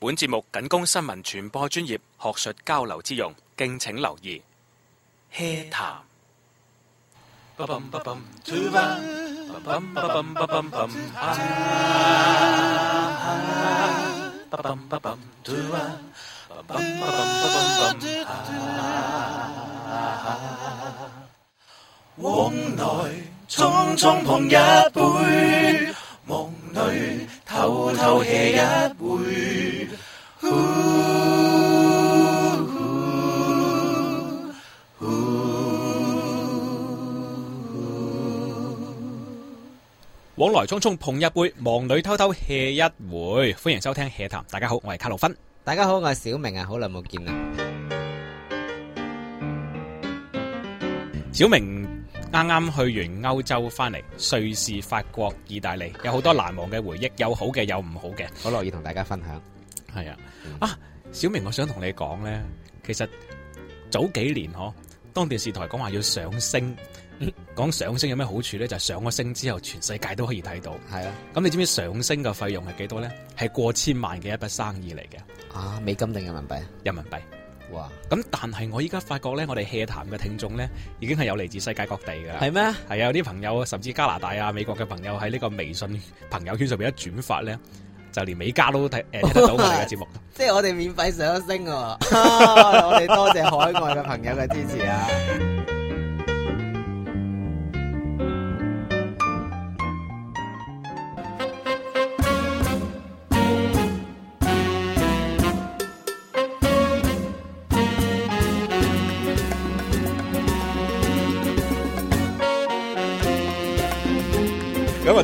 本節目僅供新聞傳播專業學術交流之用，敬請留意。HEA 談。往內匆匆碰一杯，夢裏偷偷 hea 一。往來匆匆碰一杯，忙裏偷偷 hea 一會。歡迎收聽 hea 談，大家好，我係卡洛芬。大家好，我係小明啊，好耐冇見啦。小明啱啱去完歐洲翻嚟，瑞士、法國、意大利有好多難忘嘅回憶，有 好嘅，有唔好嘅，好樂意同大家分享。係啊，嗯、啊，小明，我想同你講呢，其實早幾年嗬，當電視台講話要上升。講、嗯、上升有咩好處咧？就係、是、上咗升之後，全世界都可以睇到。係咁、啊、你知唔知上升嘅費用係幾多咧？係過千萬嘅一筆生意嚟嘅。啊，美金定人民幣？人民幣。哇！咁但係我依家發覺咧，我哋 hea 談嘅聽眾咧，已經係有嚟自世界各地噶啦。係咩嗎？係有啲朋友甚至加拿大啊、美國嘅朋友喺呢個微信朋友圈上面一轉發咧，就連美加都睇、呃、得到我哋嘅節目。即係我哋免費上升啊！ 啊我哋多謝海外嘅朋友嘅支持啊！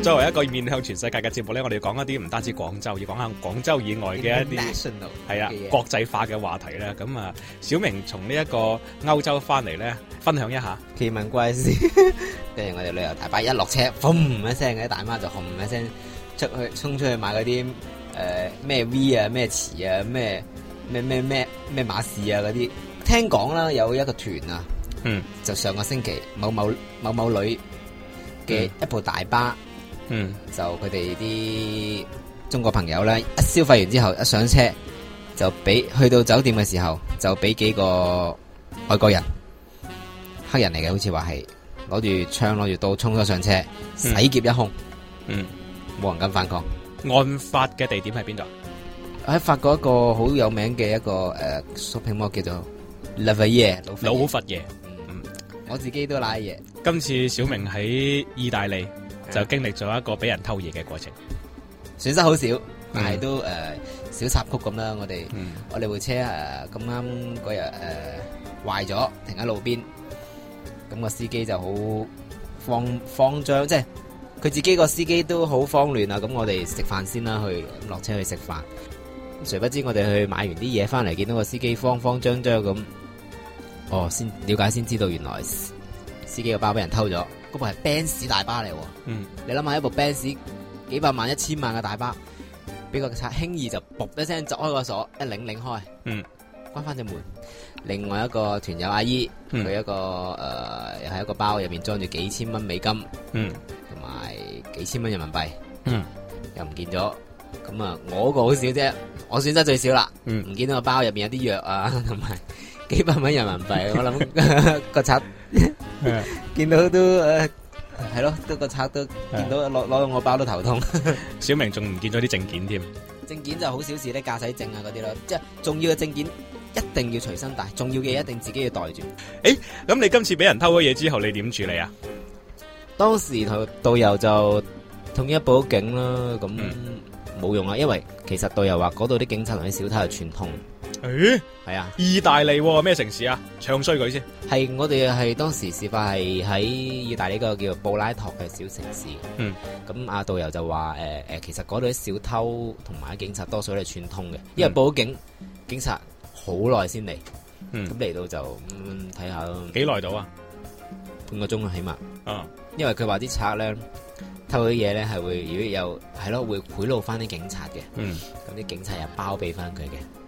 作為一個面向全世界嘅節目咧，我哋要講一啲唔單止廣州，要講下廣州以外嘅一啲，係啊 the 的國際化嘅話題咧。咁啊 Okay.，小明從呢一個歐洲翻嚟咧，分享一下，奇聞怪事，跟住 我哋旅遊大巴一落車，嘣、嗯、一聲嗰啲大媽就轟一聲出去，衝出去買嗰啲誒咩 V 啊，咩瓷啊，咩咩咩咩咩馬仕啊嗰啲。聽講啦，有一個團啊，嗯，就上個星期某某某某女嘅一部大巴。嗯，就佢哋啲中國朋友咧，一消費完之後一上車，就俾去到酒店嘅時候就俾幾個外國人黑人嚟嘅，好似話係攞住槍攞住刀衝咗上車，嗯、洗劫一空。嗯，冇人敢反抗。案發嘅地點喺邊度？喺法國一個好有名嘅一個誒 shopping mall 叫做 Lovely Year，老佛爺，老佛爺。嗯，我自己都瀨嘢。今次小明喺意大利、嗯。就經歷咗一個俾人偷嘢嘅過程，損失好少，但係都誒、嗯呃、小插曲咁啦。我哋、嗯、我哋部車誒咁啱嗰日誒壞咗，停喺路邊。咁、那個司機就好慌慌張，即係佢自己個司機都好慌亂啊！咁我哋食飯先啦，去落車去食飯。誰不知我哋去買完啲嘢翻嚟，見到個司機慌慌張張咁。哦，先瞭解先知道原來司機個包俾人偷咗。嗰部係 Benz 大巴嚟，你諗下一部 Benz 幾百萬、一千萬嘅大巴，俾個賊輕易就噗一聲鑿開個鎖，一擰擰開，關翻隻門。另外一個團友阿姨，佢一個誒，係一個包入邊裝住幾千蚊美金，同埋幾千蚊人民幣，又唔見咗。咁啊，我個好少啫，我選擇最少啦，唔見到個包入邊有啲藥啊，同埋幾百蚊人民幣，我諗個賊。Yeah. 見到都誒，係、呃、咯，嗰個賊都 Yeah. 見到攞攞到我包都頭痛。 小明仲唔見咗啲證件添？證件就好小事咧，駕駛證啊嗰啲咯，即係重要嘅證件一定要隨身帶，重要嘅嘢一定自己要袋住。誒、嗯，咁、欸、你今次俾人偷咗嘢之後，你點處理啊？當時導遊就統一報警啦，咁冇用啊，因為其實導遊話嗰度啲警察同啲小偷係串通。誒，係咦啊，意大利咩、啊、城市啊？唱衰佢先係，係我哋係當時事發係喺意大利個叫布拉托嘅小城市。嗯，咁阿導遊就話誒誒，其實嗰度啲小偷同埋警察多數都係串通嘅，因為報警，嗯、警察好耐先嚟。嗯，咁嚟到就睇下咯。幾耐到啊？半個鐘啊，起碼。啊，因為佢話啲賊咧偷到啲嘢咧係會如果有係咯會賄賂翻啲警察嘅。嗯，咁啲警察又包庇翻佢嘅。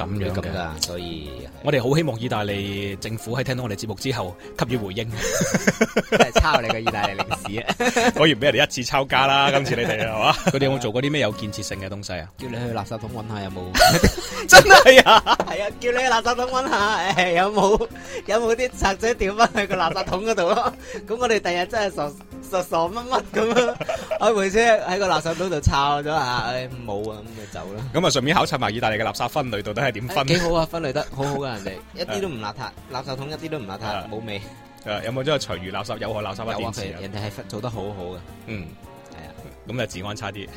咁樣嘅，所以我哋好希望意大利政府喺聽到我哋節目之後給予回應， 真係抄你嘅意大利歷史啊！果然俾人哋一次抄家啦， 今次你哋係嘛？佢哋 有冇做過啲咩有建設性嘅東西啊？叫你去垃圾桶揾下有冇， 真係啊！係啊，叫你去垃圾桶揾下，誒，有冇有冇啲賊仔掉翻去個垃圾桶嗰度咯？咁 我哋第日真係傻。就傻乜乜咁啊！ 我回車喺個垃圾桶度抄咗下，唉、哎、冇啊，咁咪走啦。咁啊，順便考察埋意大利嘅垃圾分類到底係點分？幾、哎、好啊！分類得好好嘅人哋， 一啲都唔邋遢， 垃圾桶一啲都唔邋遢，冇、啊、味道、啊。有冇咗廚餘垃圾、有害垃圾嗰啲？人哋係做得好好嘅。嗯，係啊。咁啊，嗯、咁咪治安差啲。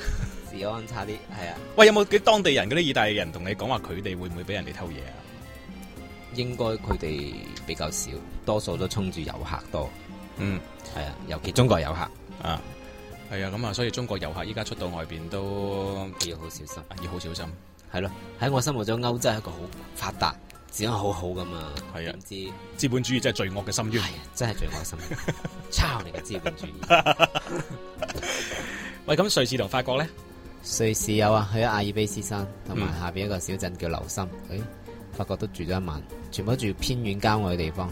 治安差啲，係啊。喂，有冇啲當地人嗰啲意大利人同你講話，佢哋會唔會俾人哋偷嘢啊？應該佢哋比較少，多數都衝住遊客多。嗯，係啊，尤其中國遊客啊，係啊，咁啊，所以中國遊客依家出到外邊都要好小心，要好小心，係咯、啊。喺我心目中，歐洲係一個好發達、治安好好噶嘛。係啊，之資知本主義真係罪惡嘅深淵，真係罪惡深淵，抄嚟嘅資本主義。 喂，咁瑞士同法國咧？瑞士有啊，去咗阿爾卑斯山，同埋下邊一個小鎮叫留心。誒、嗯哎，法國都住咗一晚，全部都住偏遠郊外嘅地方。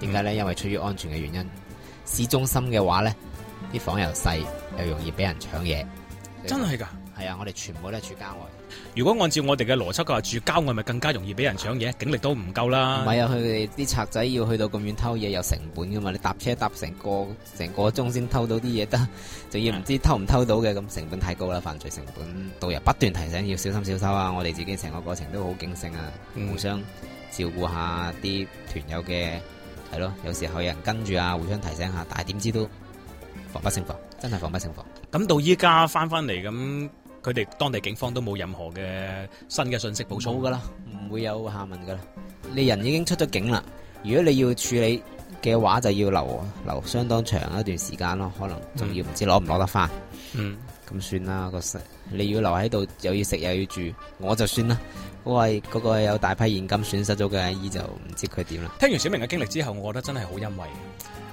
點解咧？嗯、因為出於安全嘅原因。市中心嘅話呢，啲房又細，又容易俾人搶嘢。真係噶，係啊，我哋全部都係住郊外。如果按照我哋嘅邏輯，嘅話住郊外咪更加容易俾人搶嘢，警力都唔夠啦。唔係啊，佢哋啲賊仔要去到咁遠偷嘢，有成本噶嘛？你搭車搭成個成個鐘先偷到啲嘢得，仲 要唔知偷唔偷到嘅，咁成本太高啦。犯罪成本，導遊不斷提醒要小心小心啊，我哋自己成個過程都好警醒啊，嗯、互相照顧下啲團友嘅。係咯，有時候有人跟住啊，互相提醒下，但係點知都防不勝防，真係防不勝防。咁到依家翻翻嚟，咁佢哋當地警方都冇任何嘅新嘅信息補充噶啦，唔會有下文噶啦。你人已經出咗警啦，如果你要處理嘅話，就要留留相當長一段時間咯，可能仲要唔知攞唔攞得翻。嗯，咁算啦，個你要留喺度，又要食又要住，我就算啦。喂，嗰個有大批現金損失咗嘅阿姨就唔知佢點啦。聽完小明嘅經歷之後，我覺得真係好欣慰。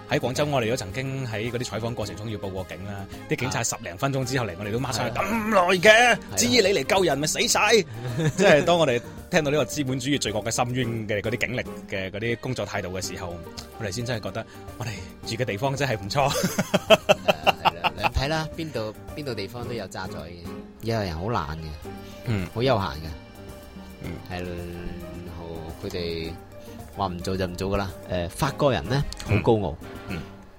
喺廣州我哋都曾經喺嗰啲採訪過程中要報過警啦，啲警察十零分鐘之後嚟，我哋都孖上去咁耐嘅，至於你嚟救人咪死晒。即係 當我哋聽到呢個資本主義罪惡嘅深淵嘅嗰啲警力嘅嗰啲工作態度嘅時候，我哋先真係覺得我哋住嘅地方真係唔錯。你睇啦，邊度邊度地方都有揸在嘅，而家人好懶嘅，嗯，好悠閒嘅。係，好，佢哋話唔做就唔做噶啦。誒、呃，法國人咧，好高傲，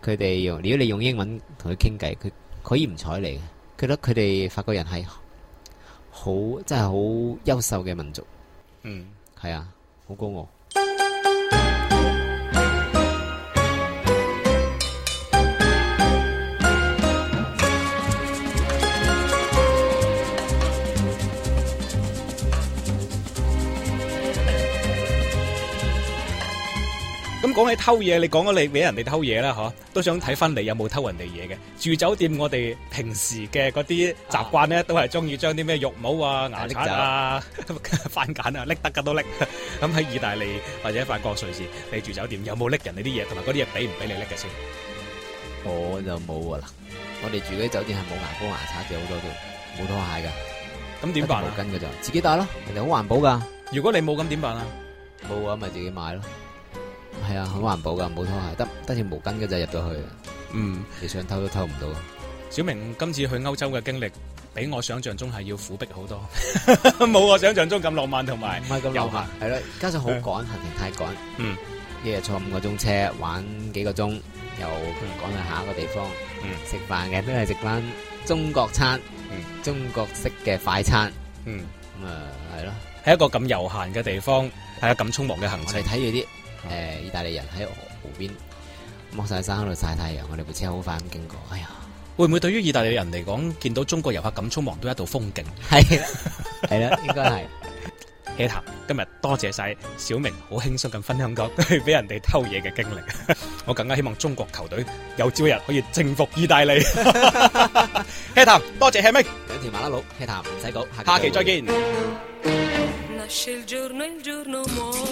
佢哋、嗯嗯、用如果你用英文同佢傾偈，佢可以唔睬你嘅。佢覺得佢哋法國人係好真係好優秀嘅民族，係啊、嗯，好高傲。講起偷嘢，你講咗你俾人哋偷嘢啦，嗬？都想睇翻你有冇偷人哋嘢嘅。住酒店，我哋平時嘅嗰啲習慣咧，都係中意將啲咩浴帽啊、牙刷啊、番鹼走 啊，拎得噶都拎。咁 喺、嗯、意大利或者法國、瑞士，你住酒店有冇拎人哋啲嘢？同埋嗰啲嘢俾唔俾你拎嘅先？我就冇啊啦，我哋住嗰啲酒店係冇牙膏、牙刷嘅，好多都冇拖鞋噶。咁點辦、啊？毛巾㗎咋？自己帶啦，人哋好環保噶。如果你冇咁點辦啊？冇啊，咪自己買咯。係啊，好環保噶，冇拖鞋，得得條毛巾嘅就入到去。嗯，你想偷都偷唔到。小明今次去歐洲嘅經歷，比我想象中係要苦逼好多，冇我想象中咁浪漫同埋唔係咁浪漫。係咯，加上好趕，行程太趕。嗯，一日坐五個鐘車，玩幾個鐘，又趕去下一個地方。嗯，食飯嘅都係食翻中國餐，嗯，中國式嘅快餐。嗯，咁啊，係咯，喺一個咁悠閒嘅地方，係啊，咁匆忙嘅行程。我哋睇住啲。誒、呃，意大利人喺湖邊望晒山，喺度曬太陽，我哋部車好快咁經過。哎呀，會唔會對於意大利人嚟講，見到中國遊客咁匆忙都係一道風景？係啦 的，係啦， 應該係。希騰，今日多謝晒小明，好輕鬆咁分享講佢俾人哋偷嘢嘅經歷。 我更加希望中國球隊有朝日可以征服意大利。希騰，多謝希明 ming，一條馬拉魯，希騰唔使講，下，下期再見。